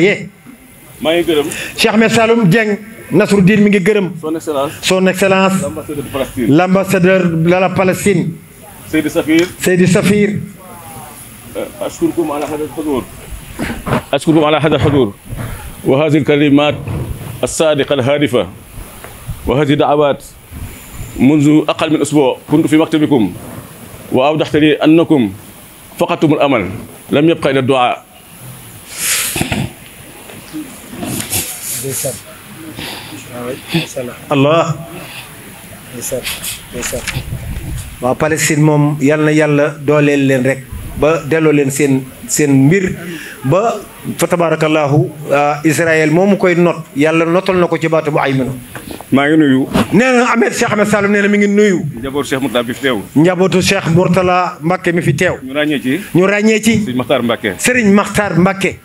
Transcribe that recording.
yee maa ngi gërëm Cheikh Ahmed Saloum Dieng Nasruddin mi ngi gërëm son excellence son excellence l'ambassadeur de la Palestine Seydi Safir Seydi Safir euh, ashkurukum ala hada al-hudur ashkurukum ala hada al-hudur wa hadhihi al-kalimat as-sadiqa al-hadifa wa hadhihi da'awat منذ أقل من أسبوع كنت في مكتبكم وأوضحت لي أنكم فقدتم الأمل لم يبقى إلى الدعاء Ah ndeysaan allah ndeysaan ndeysaan waaw Palestine moom yal na yàlla dooleel leen rek ba delloo leen seen seen mbir ba fa tabaarakallaahu moom mu koy not yàlla notal na ko ci baatu bu ay mino maa ngi nuyu. nee na Ahmed Cheikh Ahmed Saloum nee na mi ngi nuyu. njabootu Cheikh Mourtala bi mi fi teew. ñu ràññee ci. ñu ràññee ci.